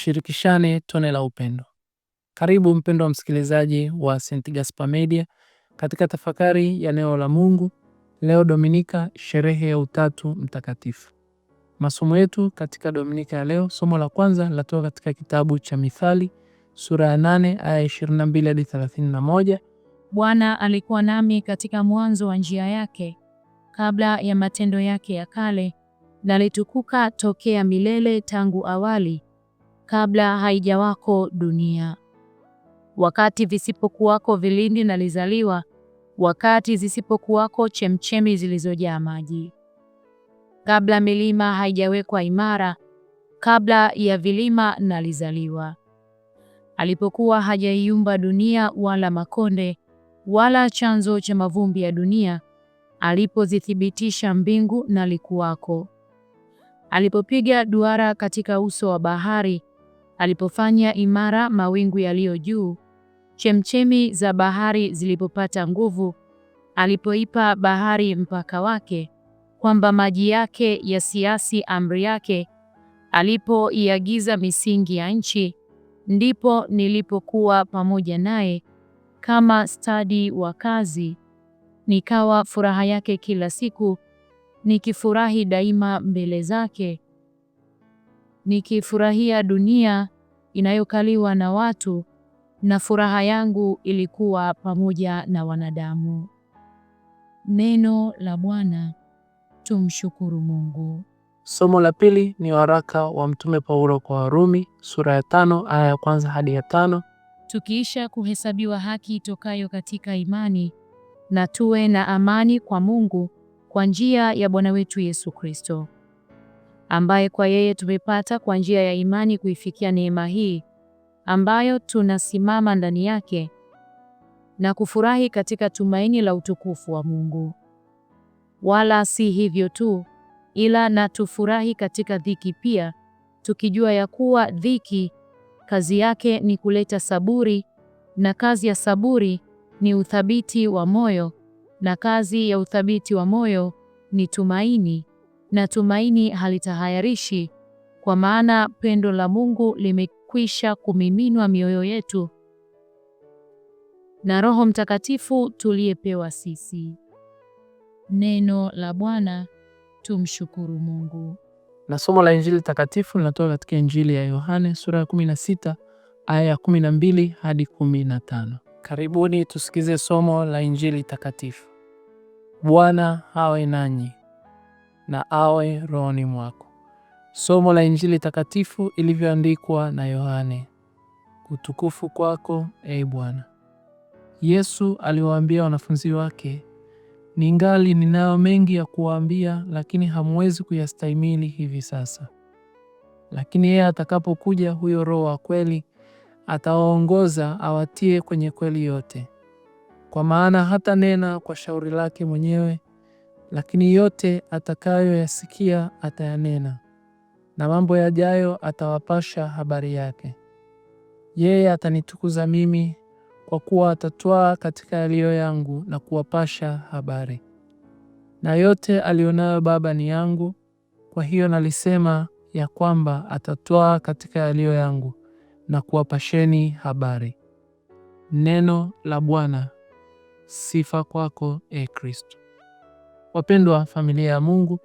tushirikishane tone la upendo. Karibu mpendwa msikilizaji wa St. Gaspar Media katika tafakari ya neno la Mungu leo Dominika, sherehe ya Utatu Mtakatifu. Masomo yetu katika Dominika ya leo, somo la kwanza latoka katika kitabu cha Mithali sura ya 8 aya 22 hadi 31. Bwana alikuwa nami katika mwanzo wa njia yake, kabla ya matendo yake ya kale, nalitukuka tokea milele tangu awali kabla haijawako dunia. Wakati visipokuwako vilindi nalizaliwa, wakati zisipokuwako chemchemi zilizojaa maji. Kabla milima haijawekwa imara, kabla ya vilima nalizaliwa. Alipokuwa hajaiumba dunia wala makonde wala chanzo cha mavumbi ya dunia, alipozithibitisha mbingu nalikuwako. Alipopiga duara katika uso wa bahari, alipofanya imara mawingu yaliyo juu, chemchemi za bahari zilipopata nguvu, alipoipa bahari mpaka wake, kwamba maji yake yasiasi amri yake, alipoiagiza misingi ya nchi, ndipo nilipokuwa pamoja naye kama stadi wa kazi, nikawa furaha yake kila siku, nikifurahi daima mbele zake nikifurahia dunia inayokaliwa na watu, na furaha yangu ilikuwa pamoja na wanadamu. Neno la Bwana. Tumshukuru Mungu. Somo la pili ni waraka wa Mtume Paulo kwa Warumi sura ya tano aya ya kwanza hadi ya tano. Tukiisha kuhesabiwa haki itokayo katika imani, na tuwe na amani kwa Mungu kwa njia ya Bwana wetu Yesu Kristo ambaye kwa yeye tumepata kwa njia ya imani kuifikia neema hii ambayo tunasimama ndani yake na kufurahi katika tumaini la utukufu wa Mungu. Wala si hivyo tu, ila na tufurahi katika dhiki pia, tukijua ya kuwa dhiki kazi yake ni kuleta saburi, na kazi ya saburi ni uthabiti wa moyo, na kazi ya uthabiti wa moyo ni tumaini na tumaini halitahayarishi, kwa maana pendo la Mungu limekwisha kumiminwa mioyo yetu na Roho Mtakatifu tuliyepewa sisi. Neno la Bwana. Tumshukuru Mungu. Na somo la Injili takatifu linatoka katika Injili ya Yohane sura ya 16 aya ya 12 hadi 15. Karibuni tusikize somo la Injili takatifu. Bwana awe nanyi na awe rohoni mwako. Somo la Injili takatifu ilivyoandikwa na Yohane. Utukufu kwako, e Bwana. Yesu aliwaambia wanafunzi wake, ningali ninayo mengi ya kuwaambia, lakini hamwezi kuyastahimili hivi sasa. Lakini yeye atakapokuja, huyo Roho wa kweli, atawaongoza awatie kwenye kweli yote, kwa maana hata nena kwa shauri lake mwenyewe, lakini yote atakayoyasikia atayanena, na mambo yajayo atawapasha habari yake. Yeye atanitukuza mimi, kwa kuwa atatwaa katika yaliyo yangu na kuwapasha habari. Na yote aliyonayo Baba ni yangu. Kwa hiyo nalisema ya kwamba atatwaa katika yaliyo yangu na kuwapasheni habari. Neno la Bwana. Sifa kwako, E Kristo. Wapendwa familia ya Mungu,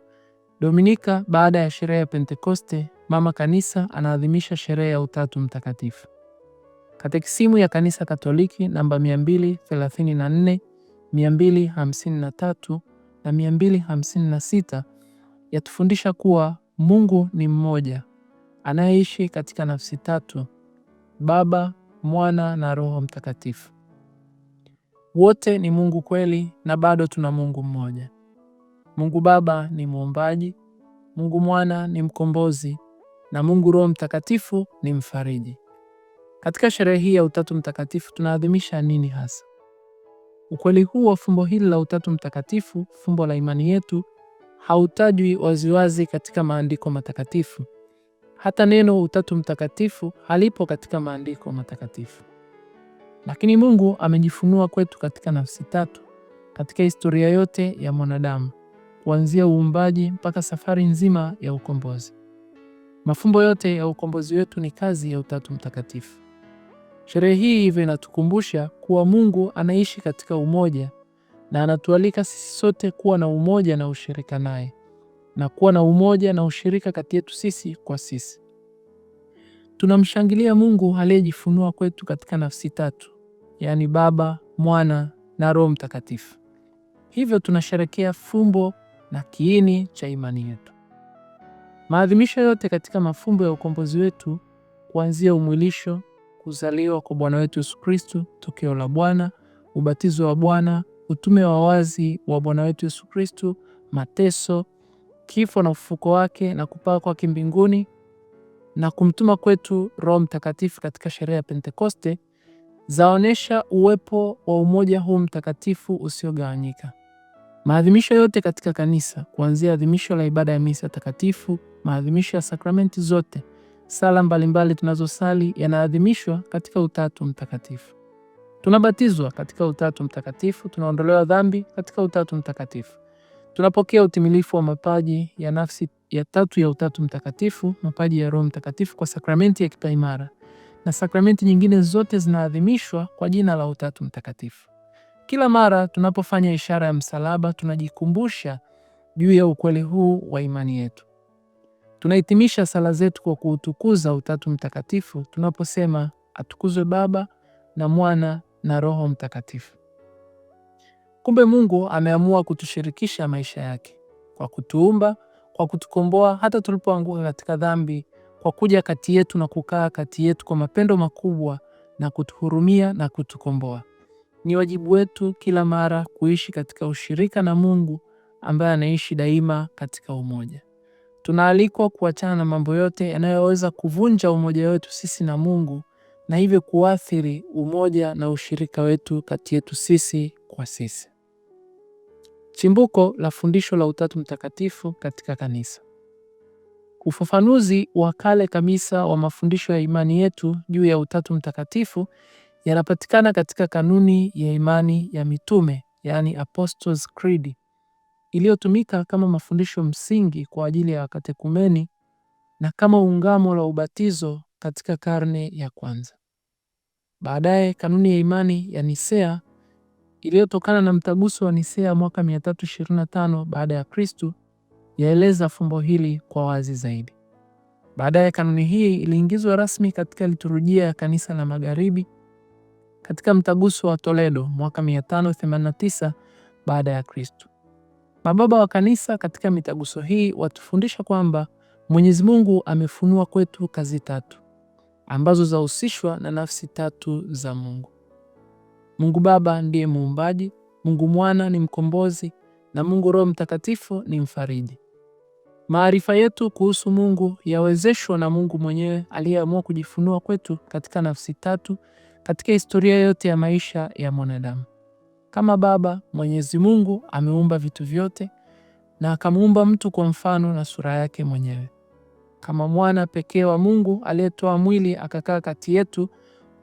Dominika baada ya sherehe ya Pentekoste, Mama Kanisa anaadhimisha sherehe ya Utatu Mtakatifu. Katekisimu ya Kanisa Katoliki namba 234, 253 na 256 yatufundisha kuwa Mungu ni mmoja anayeishi katika nafsi tatu: Baba, Mwana na Roho Mtakatifu. Wote ni Mungu kweli na bado tuna Mungu mmoja. Mungu Baba ni muumbaji, Mungu Mwana ni mkombozi na Mungu Roho Mtakatifu ni mfariji. Katika sherehe hii ya Utatu Mtakatifu tunaadhimisha nini hasa? Ukweli huu wa fumbo hili la Utatu Mtakatifu, fumbo la imani yetu, hautajwi waziwazi katika maandiko matakatifu. Hata neno Utatu Mtakatifu halipo katika maandiko matakatifu, lakini Mungu amejifunua kwetu katika nafsi tatu katika historia yote ya mwanadamu kuanzia uumbaji mpaka safari nzima ya ukombozi. Mafumbo yote ya ukombozi wetu ni kazi ya Utatu Mtakatifu. Sherehe hii hivyo inatukumbusha kuwa Mungu anaishi katika umoja na anatualika sisi sote kuwa na umoja na ushirika naye na kuwa na umoja na ushirika kati yetu sisi kwa sisi. Tunamshangilia Mungu aliyejifunua kwetu katika nafsi tatu, yaani Baba, Mwana na Roho Mtakatifu. Hivyo tunasherekea fumbo na kiini cha imani yetu. Maadhimisho yote katika mafumbo ya ukombozi wetu, kuanzia umwilisho, kuzaliwa kwa Bwana wetu Yesu Kristo, tokeo la Bwana, ubatizo wa Bwana, utume wa wazi wa Bwana wetu Yesu Kristo, mateso, kifo na ufufuko wake na kupaa kwake mbinguni na kumtuma kwetu Roho Mtakatifu katika sherehe ya Pentekoste zaonesha uwepo wa umoja huu mtakatifu usiogawanyika. Maadhimisho yote katika kanisa, kuanzia adhimisho la ibada ya misa takatifu, maadhimisho ya sakramenti zote, sala mbalimbali tunazosali, yanaadhimishwa katika Utatu Mtakatifu. Tunabatizwa katika Utatu Mtakatifu, tunaondolewa dhambi katika Utatu Mtakatifu, tunapokea utimilifu wa mapaji ya nafsi ya tatu ya Utatu Mtakatifu, mapaji ya Roho Mtakatifu kwa sakramenti ya kipaimara, na sakramenti nyingine zote zinaadhimishwa kwa jina la Utatu Mtakatifu. Kila mara tunapofanya ishara ya msalaba, tunajikumbusha juu ya ukweli huu wa imani yetu. Tunahitimisha sala zetu kwa kuutukuza Utatu Mtakatifu tunaposema, atukuzwe Baba na Mwana na Roho Mtakatifu. Kumbe Mungu ameamua kutushirikisha maisha yake kwa kutuumba, kwa kutukomboa hata tulipoanguka katika dhambi, kwa kuja kati yetu na kukaa kati yetu kwa mapendo makubwa na kutuhurumia na kutukomboa. Ni wajibu wetu kila mara kuishi katika ushirika na Mungu ambaye anaishi daima katika umoja. Tunaalikwa kuachana na mambo yote yanayoweza kuvunja umoja wetu sisi na Mungu na hivyo kuathiri umoja na ushirika wetu kati yetu sisi kwa sisi. Chimbuko la fundisho la Utatu Mtakatifu katika Kanisa. Ufafanuzi wa kale kabisa wa mafundisho ya imani yetu juu ya Utatu Mtakatifu yanapatikana katika kanuni ya imani ya mitume yaani Apostles Creed iliyotumika kama mafundisho msingi kwa ajili ya wakatekumeni na kama ungamo la ubatizo katika karne ya kwanza. Baadaye kanuni ya imani ya Nisea iliyotokana na mtaguso wa Nisea mwaka 325 baada ya Kristu yaeleza fumbo hili kwa wazi zaidi. Baadaye kanuni hii iliingizwa rasmi katika liturujia ya kanisa la Magharibi katika mtaguso wa Toledo mwaka 589 baada ya Kristo. Mababa wa kanisa katika mitaguso hii watufundisha kwamba Mwenyezi Mungu amefunua kwetu kazi tatu ambazo zahusishwa na nafsi tatu za Mungu. Mungu Baba ndiye muumbaji, Mungu Mwana ni mkombozi na Mungu Roho Mtakatifu ni mfariji. Maarifa yetu kuhusu Mungu yawezeshwa na Mungu mwenyewe aliyeamua kujifunua kwetu katika nafsi tatu katika historia yote ya maisha ya mwanadamu. Kama baba, Mwenyezi Mungu ameumba vitu vyote na akamuumba mtu kwa mfano na sura yake mwenyewe. Kama mwana pekee wa Mungu aliyetoa mwili akakaa kati yetu,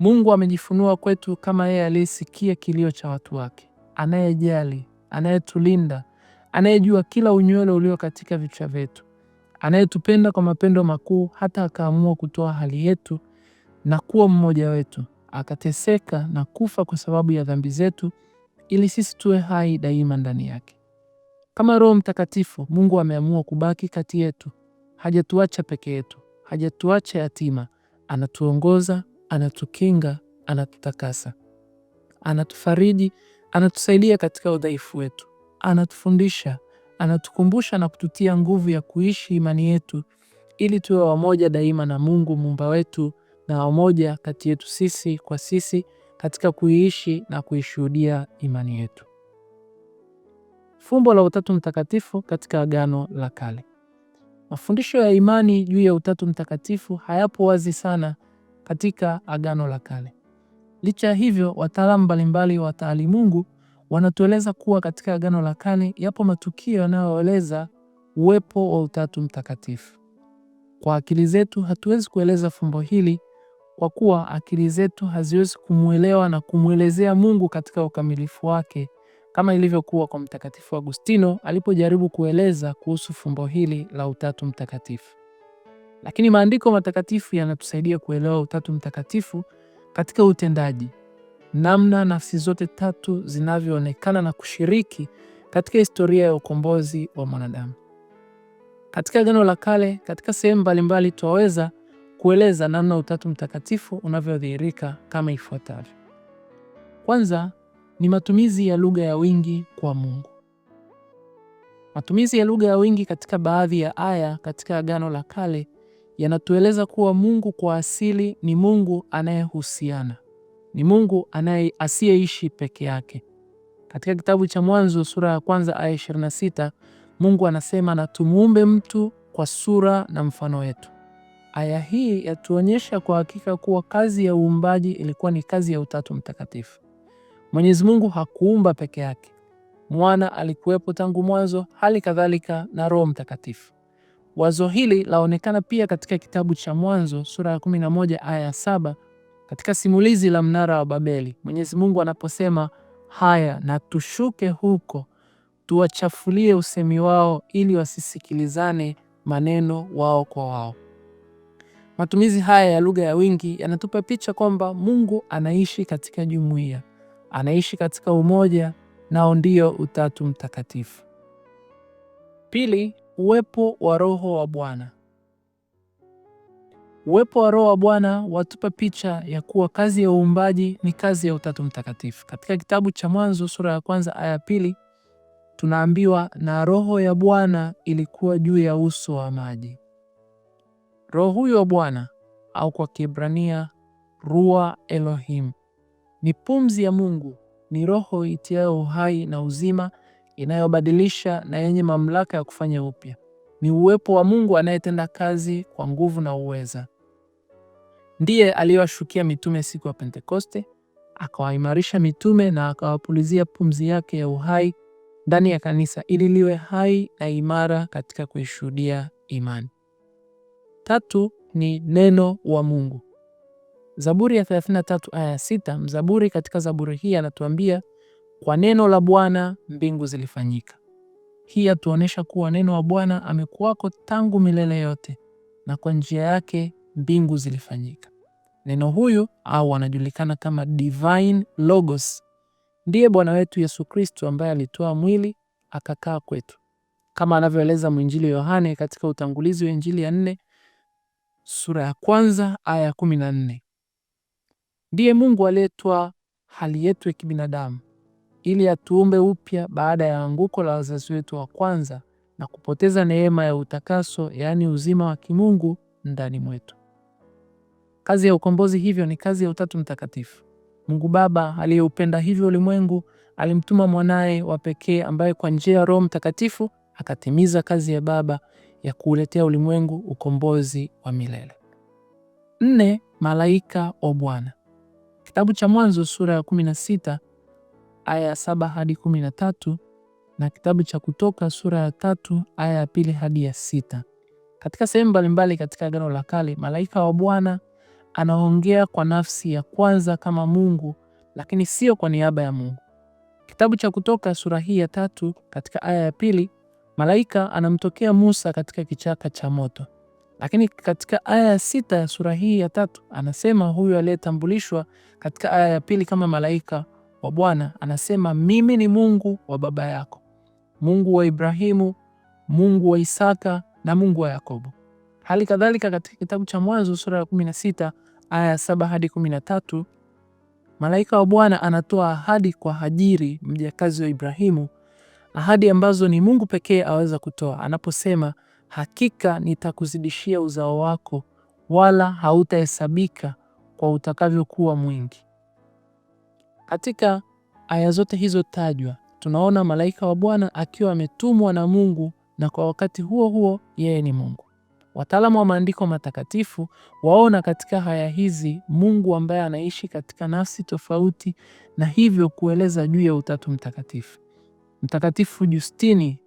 Mungu amejifunua kwetu kama yeye aliyesikia kilio cha watu wake, anayejali, anayetulinda, anayejua kila unywele ulio katika vichwa vyetu, anayetupenda kwa mapendo makuu, hata akaamua kutoa hali yetu na kuwa mmoja wetu akateseka na kufa kwa sababu ya dhambi zetu ili sisi tuwe hai daima ndani yake. Kama Roho Mtakatifu, Mungu ameamua kubaki kati yetu. Hajatuacha peke yetu, hajatuacha yatima. Anatuongoza, anatukinga, anatutakasa, anatufariji, anatusaidia katika udhaifu wetu, anatufundisha, anatukumbusha na kututia nguvu ya kuishi imani yetu ili tuwe wamoja daima na Mungu muumba wetu na umoja kati yetu sisi kwa sisi katika kuiishi na kuishuhudia imani yetu. Fumbo la Utatu Mtakatifu katika Agano la Kale. Mafundisho ya imani juu ya Utatu Mtakatifu hayapo wazi sana katika Agano la Kale. Licha ya hivyo, wataalamu mbalimbali wa taalimungu wanatueleza kuwa katika Agano la Kale yapo matukio yanayoeleza uwepo wa Utatu Mtakatifu. Kwa akili zetu hatuwezi kueleza fumbo hili kwa kuwa akili zetu haziwezi kumwelewa na kumwelezea Mungu katika ukamilifu wake kama ilivyokuwa kwa Mtakatifu Agustino alipojaribu kueleza kuhusu fumbo hili la Utatu Mtakatifu. Lakini maandiko matakatifu yanatusaidia kuelewa Utatu Mtakatifu katika utendaji, namna nafsi zote tatu zinavyoonekana na kushiriki katika historia ya ukombozi wa mwanadamu. Katika Agano la Kale, katika sehemu mbalimbali, twaweza kueleza namna Utatu Mtakatifu unavyodhihirika kama ifuatavyo. Kwanza ni matumizi ya lugha ya wingi kwa Mungu. Matumizi ya lugha ya wingi katika baadhi ya aya katika Agano la Kale yanatueleza kuwa Mungu kwa asili ni Mungu anayehusiana, ni Mungu anaye asiyeishi peke yake. Katika kitabu cha Mwanzo sura ya kwanza aya 26, Mungu anasema na tumuumbe mtu kwa sura na mfano wetu. Aya hii yatuonyesha kwa hakika kuwa kazi ya uumbaji ilikuwa ni kazi ya Utatu Mtakatifu. Mwenyezi Mungu hakuumba peke yake, Mwana alikuwepo tangu mwanzo, hali kadhalika na Roho Mtakatifu. Wazo hili laonekana pia katika kitabu cha Mwanzo sura ya 11 aya ya 7, katika simulizi la mnara wa Babeli, Mwenyezi Mungu anaposema, haya na tushuke huko tuwachafulie usemi wao, ili wasisikilizane maneno wao kwa wao. Matumizi haya ya lugha ya wingi yanatupa picha kwamba Mungu anaishi katika jumuiya, anaishi katika umoja, nao ndio Utatu Mtakatifu. Pili, uwepo wa Roho wa Bwana. Uwepo wa Roho wa Bwana watupa picha ya kuwa kazi ya uumbaji ni kazi ya Utatu Mtakatifu. Katika kitabu cha Mwanzo sura ya kwanza aya ya pili tunaambiwa, na Roho ya Bwana ilikuwa juu ya uso wa maji. Roho huyo wa Bwana au kwa Kiebrania rua Elohim ni pumzi ya Mungu, ni roho itiayo uhai na uzima, inayobadilisha na yenye mamlaka ya kufanya upya. Ni uwepo wa Mungu anayetenda kazi kwa nguvu na uweza. Ndiye aliyowashukia mitume siku ya Pentekoste, akawaimarisha mitume na akawapulizia pumzi yake ya uhai ndani ya kanisa ili liwe hai na imara katika kuishuhudia imani. Tatu ni neno wa Mungu. Zaburi ya 33 aya ya sita. Mzaburi katika zaburi hii anatuambia kwa neno la Bwana mbingu zilifanyika. Hii atuonesha kuwa neno wa Bwana amekuwako tangu milele yote, na kwa njia yake mbingu zilifanyika. Neno huyu au anajulikana kama divine logos, ndiye Bwana wetu Yesu Kristo ambaye alitoa mwili akakaa kwetu, kama anavyoeleza mwinjili Yohane katika utangulizi wa injili ya nne sura ya kwanza aya ya kumi na nne. Ndiye Mungu aletwa hali yetu ya kibinadamu ili atuumbe upya baada ya anguko la wazazi wetu wa kwanza na kupoteza neema ya utakaso, yaani uzima wa kimungu ndani mwetu. Kazi ya ukombozi hivyo ni kazi ya Utatu Mtakatifu. Mungu Baba aliyeupenda hivyo ulimwengu alimtuma mwanaye wa pekee ambaye kwa njia ya Roho Mtakatifu akatimiza kazi ya Baba ya kuuletea ulimwengu ukombozi wa milele. Nne, malaika wa Bwana. Kitabu cha Mwanzo sura ya 16 aya ya 7 hadi 13 na kitabu cha Kutoka sura ya tatu aya ya pili hadi ya sita. Katika sehemu mbalimbali katika Agano la Kale, malaika wa Bwana anaongea kwa nafsi ya kwanza kama Mungu, lakini sio kwa niaba ya Mungu. Kitabu cha Kutoka sura hii ya tatu katika aya ya pili malaika anamtokea Musa katika kichaka cha moto. Lakini katika aya ya sita ya sura hii ya tatu anasema huyu aliyetambulishwa katika aya ya pili kama malaika wa Bwana anasema mimi ni Mungu wa baba yako, Mungu wa Ibrahimu, Mungu wa Isaka na Mungu wa Yakobo. Hali kadhalika katika kitabu cha Mwanzo sura ya sita aya ya saba hadi tatu malaika wa Bwana anatoa ahadi kwa Hajiri mjakazi wa Ibrahimu ahadi ambazo ni Mungu pekee aweza kutoa anaposema, hakika nitakuzidishia uzao wako wala hautahesabika kwa utakavyokuwa mwingi. Katika aya zote hizo tajwa, tunaona malaika wa Bwana akiwa ametumwa na Mungu na kwa wakati huo huo yeye ni Mungu. Wataalamu wa maandiko matakatifu waona katika haya hizi Mungu ambaye anaishi katika nafsi tofauti na hivyo kueleza juu ya Utatu Mtakatifu. Mtakatifu Justini,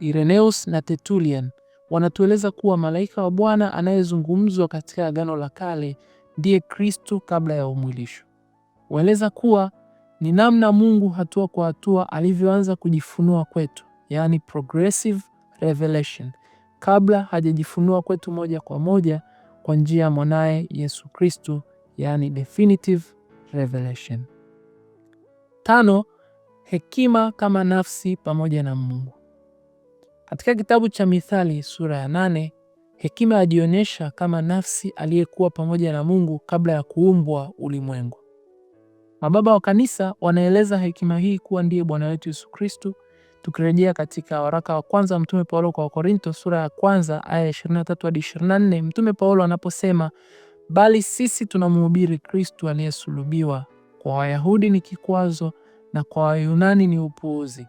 Ireneus na Tertullian wanatueleza kuwa malaika wa Bwana anayezungumzwa katika Agano la Kale ndiye Kristo kabla ya umwilisho. Waeleza kuwa ni namna Mungu hatua kwa hatua alivyoanza kujifunua kwetu, yaani progressive revelation, kabla hajajifunua kwetu moja kwa moja kwa njia ya mwanaye Yesu Kristo, yaani definitive revelation. Tano, hekima kama nafsi pamoja na Mungu. Katika kitabu cha Mithali sura ya nane, hekima ajionyesha kama nafsi aliyekuwa pamoja na Mungu kabla ya kuumbwa ulimwengu. Mababa wa kanisa wanaeleza hekima hii kuwa ndiye Bwana wetu Yesu Kristo, tukirejea katika waraka wa kwanza mtume Paulo kwa Wakorinto sura ya kwanza aya 23 hadi 24, mtume Paulo anaposema, bali sisi tunamhubiri Kristo aliyesulubiwa, kwa Wayahudi ni kikwazo na kwa Wayunani ni upuuzi,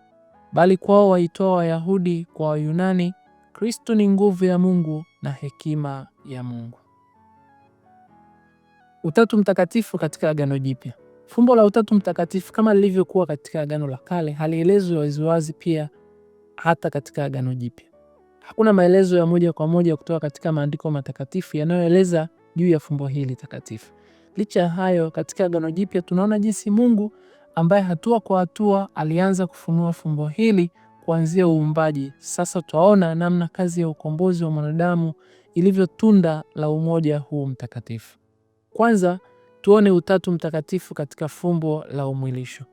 bali kwao waitoa Wayahudi kwa Wayunani, Kristo ni nguvu ya Mungu na hekima ya Mungu. Utatu Mtakatifu katika Agano Jipya. Fumbo la Utatu Mtakatifu kama lilivyokuwa katika Agano la Kale halielezwi waziwazi pia hata katika Agano Jipya. Hakuna maelezo ya moja kwa moja kutoka katika maandiko matakatifu yanayoeleza juu ya fumbo hili takatifu. Licha ya hayo, katika Agano Jipya tunaona jinsi Mungu ambaye hatua kwa hatua alianza kufunua fumbo hili kuanzia uumbaji. Sasa twaona namna kazi ya ukombozi wa mwanadamu ilivyo tunda la umoja huu mtakatifu. Kwanza tuone Utatu Mtakatifu katika fumbo la umwilisho.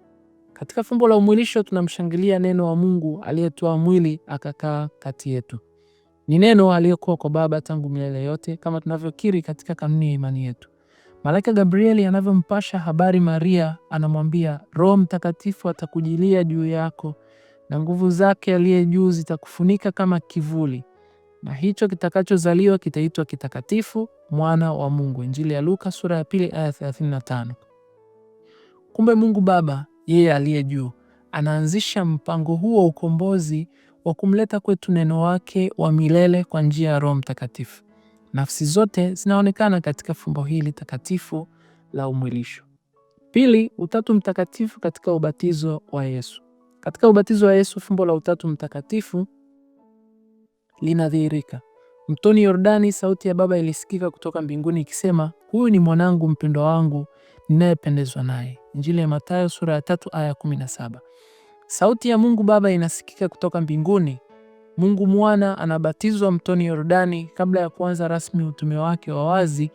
Katika fumbo la umwilisho tunamshangilia Neno wa Mungu aliyetoa mwili akakaa kati yetu. Ni Neno aliyekuwa kwa Baba tangu milele yote, kama tunavyokiri katika kanuni ya imani yetu. Malaika Gabrieli anavyompasha habari Maria, anamwambia Roho Mtakatifu atakujilia juu yako na nguvu zake aliye juu zitakufunika kama kivuli, na hicho kitakachozaliwa kitaitwa kitakatifu, mwana wa Mungu. Injili ya Luka sura ya pili aya 35. Kumbe Mungu Baba, yeye aliye juu, anaanzisha mpango huu wa ukombozi wa kumleta kwetu neno wake wa milele kwa njia ya Roho Mtakatifu. Nafsi zote zinaonekana katika fumbo hili takatifu la umwilisho. Pili, Utatu Mtakatifu katika ubatizo wa Yesu. Katika ubatizo wa Yesu, fumbo la Utatu Mtakatifu linadhihirika. Mtoni Yordani, sauti ya Baba ilisikika kutoka mbinguni ikisema, huyu ni mwanangu mpendwa wangu ninayependezwa naye. Injili ya Mathayo sura ya tatu aya kumi na saba. Sauti ya Mungu Baba inasikika kutoka mbinguni Mungu Mwana anabatizwa mtoni Yordani kabla ya kuanza rasmi utume wake wa wazi,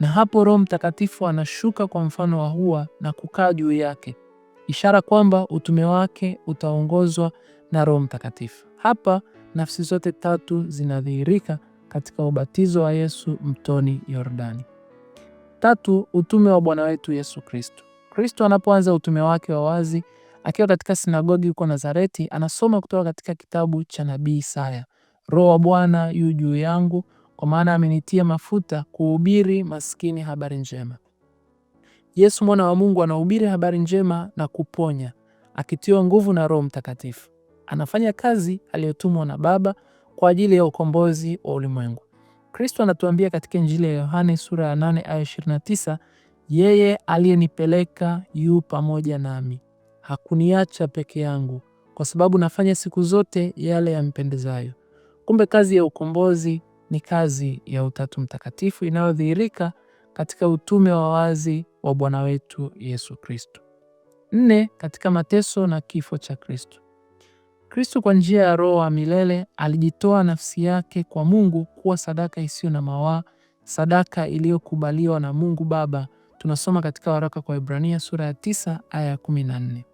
na hapo Roho Mtakatifu anashuka kwa mfano wa hua na kukaa juu yake, ishara kwamba utume wake utaongozwa na Roho Mtakatifu. Hapa nafsi zote tatu zinadhihirika katika ubatizo wa Yesu mtoni Yordani. Tatu, utume wa Bwana wetu Yesu Kristo. Kristo anapoanza utume wake wa wazi Akiwa katika sinagogi huko Nazareti, anasoma kutoka katika kitabu cha nabii Isaya. Roho wa Bwana yu juu yangu, kwa maana amenitia mafuta kuhubiri maskini habari njema. Yesu mwana wa Mungu anahubiri habari njema na kuponya, akitiwa nguvu na Roho Mtakatifu. Anafanya kazi aliyotumwa na Baba kwa ajili ya ukombozi wa ulimwengu. Kristo anatuambia katika Injili ya Yohane sura ya 8 aya 29, yeye aliyenipeleka yu pamoja nami hakuniacha peke yangu, kwa sababu nafanya siku zote yale yampendezayo. Kumbe kazi ya ukombozi ni kazi ya Utatu Mtakatifu inayodhihirika katika utume wa wazi wa Bwana wetu Yesu Kristo. Nne, katika mateso na kifo cha Kristo. Kristo kwa njia ya Roho wa milele alijitoa nafsi yake kwa Mungu kuwa sadaka isiyo na mawaa, sadaka iliyokubaliwa na Mungu Baba. Tunasoma katika waraka kwa Ibrania sura ya 9 aya ya 14.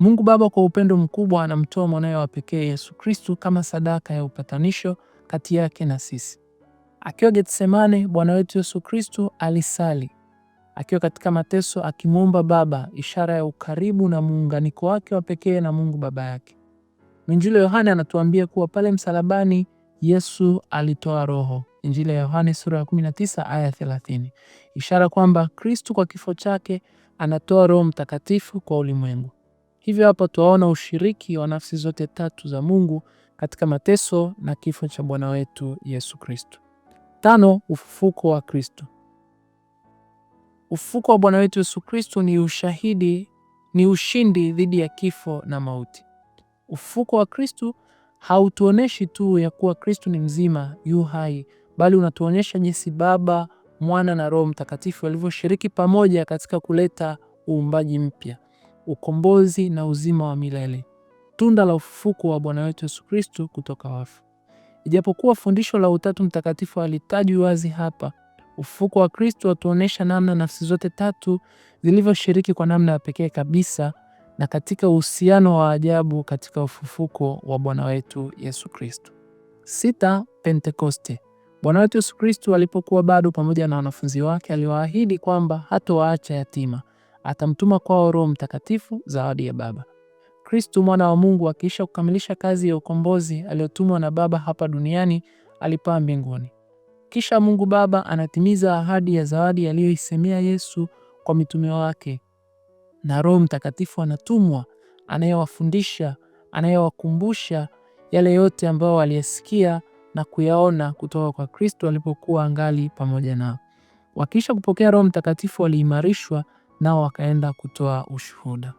Mungu Baba kwa upendo mkubwa anamtoa mwanawe wa pekee Yesu Kristu kama sadaka ya upatanisho kati yake na sisi. Akiwa Getsemane, Bwana wetu Yesu Kristu alisali. Akiwa katika mateso, akimwomba Baba, ishara ya ukaribu na muunganiko wake wa pekee na Mungu Baba yake. Mwinjili Yohane anatuambia kuwa pale msalabani Yesu alitoa roho. Injili ya Yohane sura ya 19 aya 30, ishara kwamba Kristu kwa kifo chake anatoa Roho Mtakatifu kwa ulimwengu. Hivyo hapa twaona ushiriki wa nafsi zote tatu za Mungu katika mateso na kifo cha Bwana wetu Yesu Kristo. Tano, ufufuko wa Kristo. Ufufuko wa Bwana wetu Yesu Kristo ni ushahidi, ni ushindi dhidi ya kifo na mauti. Ufufuko wa Kristo hautuoneshi tu ya kuwa Kristo ni mzima yu hai, bali unatuonyesha jinsi Baba, Mwana na Roho Mtakatifu walivyoshiriki pamoja katika kuleta uumbaji mpya ukombozi na uzima wa milele, tunda la ufufuko wa Bwana wetu Yesu Kristo kutoka wafu. Ijapokuwa fundisho la Utatu Mtakatifu halitajwi wazi hapa, ufufuko wa Kristo watuonyesha namna nafsi zote tatu zilivyoshiriki kwa namna ya pekee kabisa na katika uhusiano wa ajabu katika ufufuko wa Bwana wetu Yesu Kristo. Sita, Pentekoste. Bwana wetu Yesu Kristo alipokuwa bado pamoja na wanafunzi wake, aliwaahidi kwamba hatowaacha yatima atamtuma kwao Roho Mtakatifu, zawadi ya Baba. Kristu mwana wa Mungu akiisha kukamilisha kazi ya ukombozi aliyotumwa na Baba hapa duniani, alipaa mbinguni. Kisha Mungu Baba anatimiza ahadi ya zawadi aliyoisemea Yesu kwa mitume wake, na Roho Mtakatifu anatumwa, anayewafundisha, anayewakumbusha yale yote ambayo waliyasikia na kuyaona kutoka kwa Kristo alipokuwa angali pamoja nao. Wakiisha kupokea Roho Mtakatifu waliimarishwa nao wakaenda kutoa ushuhuda.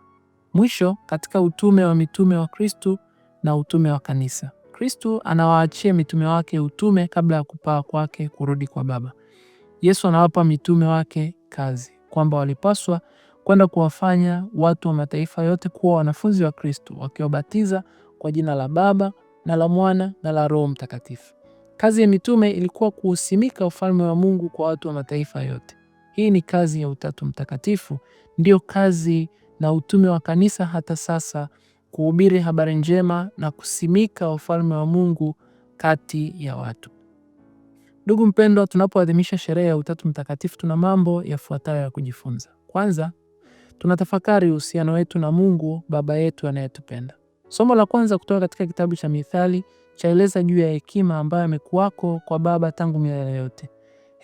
Mwisho, katika utume wa mitume wa Kristu na utume wa kanisa, Kristu anawaachia mitume wake utume kabla ya kupaa kwake kurudi kwa Baba. Yesu anawapa mitume wake kazi kwamba walipaswa kwenda kuwafanya watu wa mataifa yote kuwa wanafunzi wa kristu wakiwabatiza kwa jina la Baba na la Mwana na la Roho Mtakatifu. Kazi ya mitume ilikuwa kuusimika ufalme wa Mungu kwa watu wa mataifa yote. Hii ni kazi ya Utatu Mtakatifu, ndiyo kazi na utume wa kanisa hata sasa, kuhubiri habari njema na kusimika ufalme wa Mungu kati ya watu. Ndugu mpendwa, tunapoadhimisha sherehe ya Utatu Mtakatifu tuna mambo yafuatayo ya kujifunza. Kwanza, tunatafakari uhusiano wetu na Mungu Baba yetu anayetupenda. Somo la kwanza kutoka katika kitabu cha Mithali chaeleza juu ya hekima ambayo amekuwako kwa Baba tangu milele yote.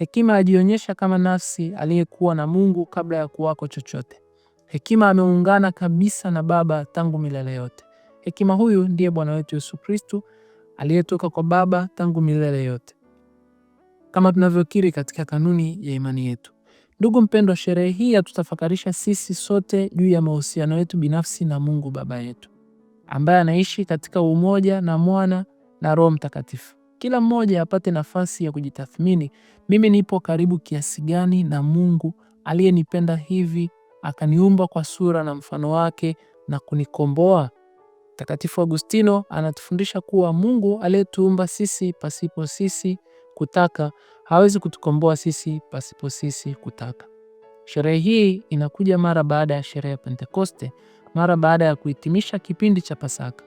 Hekima alijionyesha kama nafsi aliyekuwa na Mungu kabla ya kuwako chochote. Hekima ameungana kabisa na Baba tangu milele yote. Hekima huyu ndiye Bwana wetu Yesu Kristo aliyetoka kwa Baba tangu milele yote, kama tunavyokiri katika kanuni ya imani yetu. Ndugu mpendwa, sherehe hii yatutafakarisha sisi sote juu ya mahusiano yetu binafsi na Mungu Baba yetu ambaye anaishi katika umoja na Mwana na Roho Mtakatifu kila mmoja apate nafasi ya kujitathmini, mimi nipo karibu kiasi gani na Mungu aliyenipenda hivi akaniumba kwa sura na mfano wake na kunikomboa? Mtakatifu Agustino anatufundisha kuwa Mungu aliyetuumba sisi pasipo sisi kutaka hawezi kutukomboa sisi pasipo sisi kutaka. Sherehe hii inakuja mara baada ya sherehe ya Pentekoste, mara baada ya kuhitimisha kipindi cha Pasaka.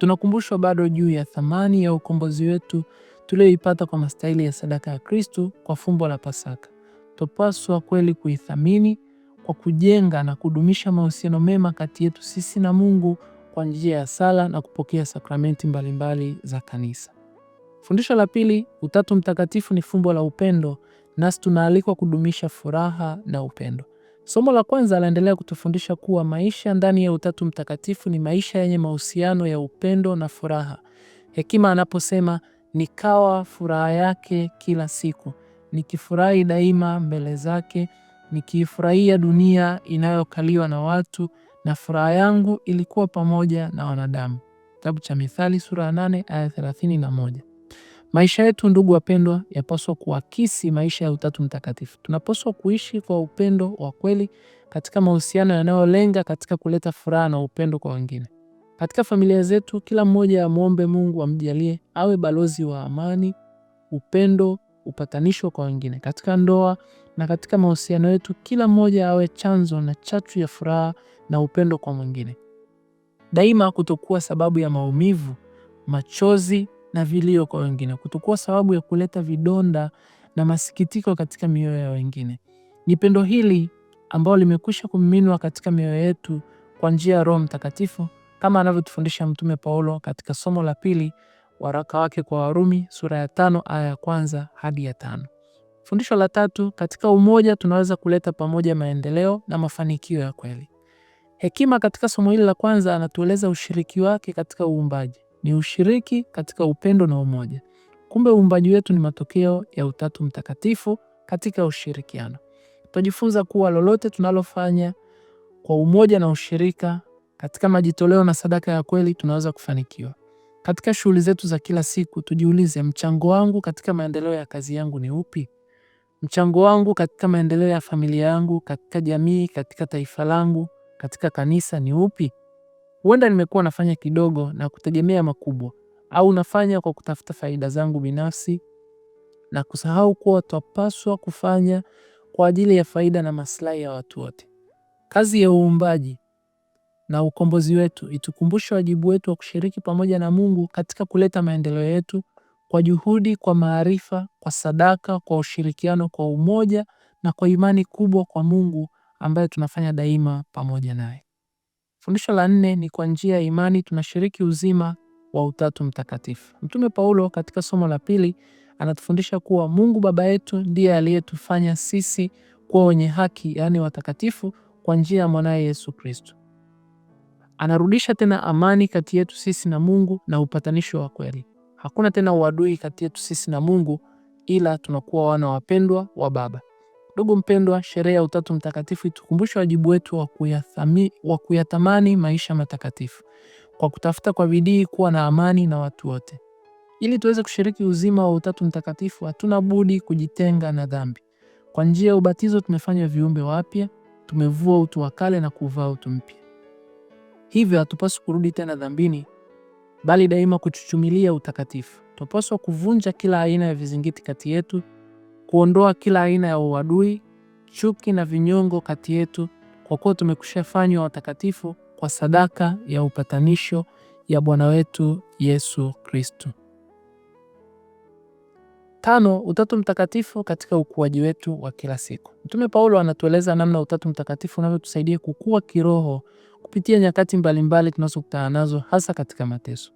Tunakumbushwa bado juu ya thamani ya ukombozi wetu tulioipata kwa mastahili ya sadaka ya Kristo kwa fumbo la Pasaka. Twapaswa kweli kuithamini kwa kujenga na kudumisha mahusiano mema kati yetu sisi na Mungu kwa njia ya sala na kupokea sakramenti mbalimbali za Kanisa. Fundisho la pili, Utatu Mtakatifu ni fumbo la upendo, nasi tunaalikwa kudumisha furaha na upendo. Somo la kwanza anaendelea kutufundisha kuwa maisha ndani ya Utatu Mtakatifu ni maisha yenye mahusiano ya upendo na furaha. Hekima anaposema nikawa furaha yake kila siku, nikifurahi daima mbele zake, nikiifurahia dunia inayokaliwa na watu, na furaha yangu ilikuwa pamoja na wanadamu. Kitabu cha Mithali sura ya 8 aya 31. Maisha yetu ndugu wapendwa, yapaswa kuakisi maisha ya Utatu Mtakatifu. Tunapaswa kuishi kwa upendo wa kweli katika mahusiano yanayolenga katika kuleta furaha na upendo kwa wengine. Katika familia zetu, kila mmoja amwombe Mungu amjalie awe balozi wa amani, upendo, upatanisho kwa wengine. Katika ndoa na katika mahusiano yetu, kila mmoja awe chanzo na chachu ya furaha na upendo kwa mwingine, daima kutokuwa sababu ya maumivu, machozi na vilio kwa wengine, kutokuwa sababu ya kuleta vidonda na masikitiko katika mioyo ya wengine. Ni pendo hili ambalo limekwisha kumiminwa katika mioyo yetu kwa njia ya Roho Mtakatifu kama anavyotufundisha Mtume Paulo katika somo la pili waraka wake kwa Warumi sura ya tano aya ya kwanza hadi ya tano. Fundisho la tatu, katika umoja tunaweza kuleta pamoja maendeleo na mafanikio ya kweli. Hekima katika somo hili la kwanza anatueleza ushiriki wake katika uumbaji ni ushiriki katika upendo na umoja. Kumbe uumbaji wetu ni matokeo ya Utatu Mtakatifu katika ushirikiano. Tutajifunza kuwa lolote tunalofanya kwa umoja na ushirika katika majitoleo na sadaka ya kweli, tunaweza kufanikiwa. Katika shughuli zetu za kila siku, tujiulize, mchango wangu katika maendeleo ya kazi yangu ni upi? Mchango wangu katika maendeleo ya familia yangu, katika jamii, katika taifa langu, katika kanisa ni upi? Huenda nimekuwa nafanya kidogo na kutegemea makubwa, au nafanya kwa kutafuta faida zangu binafsi na kusahau kuwa twapaswa kufanya kwa ajili ya faida na maslahi ya watu wote. Kazi ya uumbaji na ukombozi wetu itukumbushe wajibu wetu wa kushiriki pamoja na Mungu katika kuleta maendeleo yetu kwa juhudi, kwa maarifa, kwa sadaka, kwa ushirikiano, kwa umoja na kwa imani kubwa kwa Mungu ambaye tunafanya daima pamoja naye. Fundisho la nne ni kwa njia ya imani tunashiriki uzima wa Utatu Mtakatifu. Mtume Paulo katika somo la pili anatufundisha kuwa Mungu Baba yetu ndiye aliyetufanya sisi kuwa wenye haki, yaani watakatifu kwa njia ya mwanaye Yesu Kristo. Anarudisha tena amani kati yetu sisi na Mungu na upatanisho wa kweli. Hakuna tena uadui kati yetu sisi na Mungu, ila tunakuwa wana wapendwa wa Baba. Ndugu mpendwa, sherehe ya Utatu Mtakatifu itukumbushe wajibu wetu wa kuyathami, wa kuyatamani maisha matakatifu kwa kutafuta kwa bidii kuwa na amani na watu wote. Ili tuweze kushiriki uzima wa Utatu Mtakatifu, hatuna budi kujitenga na dhambi. Kwa njia ya ubatizo tumefanywa viumbe wapya, tumevua utu wa kale na kuvaa utu mpya. Hivyo hatupaswi kurudi tena dhambini, bali daima kuchuchumilia utakatifu. Tunapaswa kuvunja kila aina ya vizingiti kati yetu kuondoa kila aina ya uadui, chuki na vinyongo kati yetu, kwa kuwa tumekushafanywa watakatifu kwa sadaka ya upatanisho ya Bwana wetu Yesu Kristo. Tano, Utatu Mtakatifu katika ukuaji wetu wa kila siku. Mtume Paulo anatueleza namna Utatu Mtakatifu unavyotusaidia kukua kiroho kupitia nyakati mbalimbali tunazokutana nazo hasa katika mateso.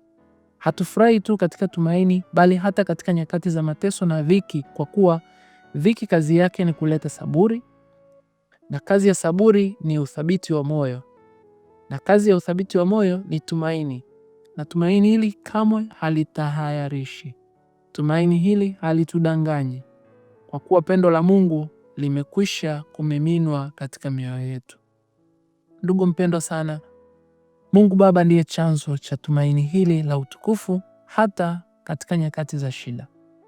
Hatufurahi tu katika tumaini bali hata katika nyakati za mateso na dhiki, kwa kuwa Dhiki kazi yake ni kuleta saburi, na kazi ya saburi ni uthabiti wa moyo, na kazi ya uthabiti wa moyo ni tumaini, na tumaini hili kamwe halitahayarishi, tumaini hili halitudanganyi, kwa kuwa pendo la Mungu limekwisha kumiminwa katika mioyo yetu. Ndugu mpendwa sana, Mungu Baba ndiye chanzo cha tumaini hili la utukufu hata katika nyakati za shida.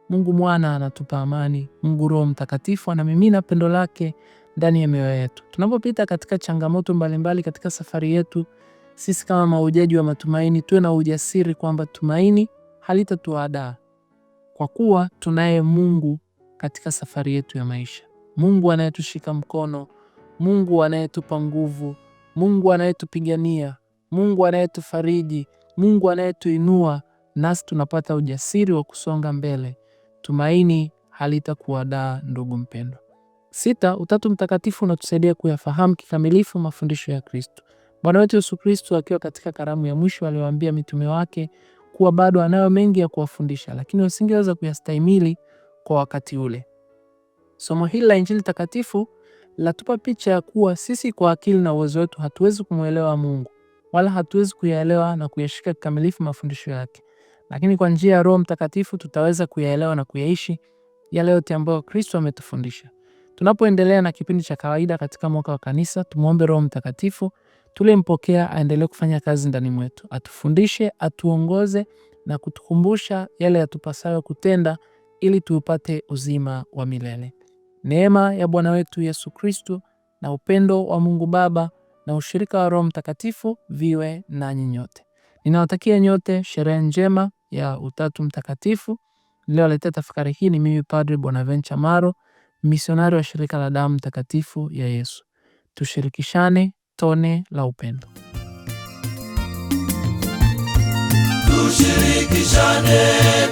Mungu Mwana anatupa amani, Mungu Roho Mtakatifu anamimina pendo lake ndani ya mioyo yetu. Tunapopita katika changamoto mbalimbali mbali katika safari yetu, sisi kama mahujaji wa matumaini tuwe na ujasiri kwamba tumaini halitatuadaa kwa kuwa tunaye Mungu katika safari yetu ya maisha, Mungu anayetushika mkono, Mungu anayetupa nguvu, Mungu anayetupigania, Mungu anayetufariji, Mungu anayetuinua, nasi tunapata ujasiri wa kusonga mbele tumaini halitakuwadaa ndugu mpendwa. Sita, Utatu Mtakatifu unatusaidia kuyafahamu kikamilifu mafundisho ya Kristo. Bwana wetu Yesu Kristo akiwa katika karamu ya mwisho aliwaambia mitume wake kuwa bado anayo mengi ya kuwafundisha, lakini wasingeweza kuyastahimili kwa wakati ule. Somo hili la Injili takatifu latupa picha ya kuwa sisi kwa akili na uwezo wetu hatuwezi kumwelewa Mungu wala hatuwezi kuyaelewa na kuyashika kikamilifu mafundisho yake lakini kwa njia ya Roho Mtakatifu tutaweza kuyaelewa na kuyaishi yale yote ambayo Kristo ametufundisha. Tunapoendelea na kipindi cha kawaida katika mwaka wa kanisa, tumwombe Roho Mtakatifu tulimpokea aendelee kufanya kazi ndani mwetu, atufundishe, atuongoze na kutukumbusha yale yatupasayo kutenda ili tuupate uzima wa milele. Neema ya Bwana wetu Yesu kristu na upendo wa Mungu Baba na ushirika wa Roho Mtakatifu viwe nanyi nyote. Ninawatakia nyote sherehe njema ya Utatu Mtakatifu. Niliyowaletea tafakari hii ni mimi Padre Bonaventure Maro, misionari wa shirika la damu takatifu ya Yesu. Tushirikishane tone la upendo. Tushirikishane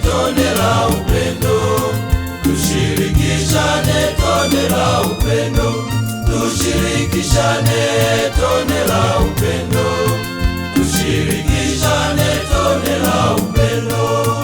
tone la upendo. Tushirikishane tone la upendo. Tushirikishane tone la upendo. Tushirikishane tuonyeshane tone la upendo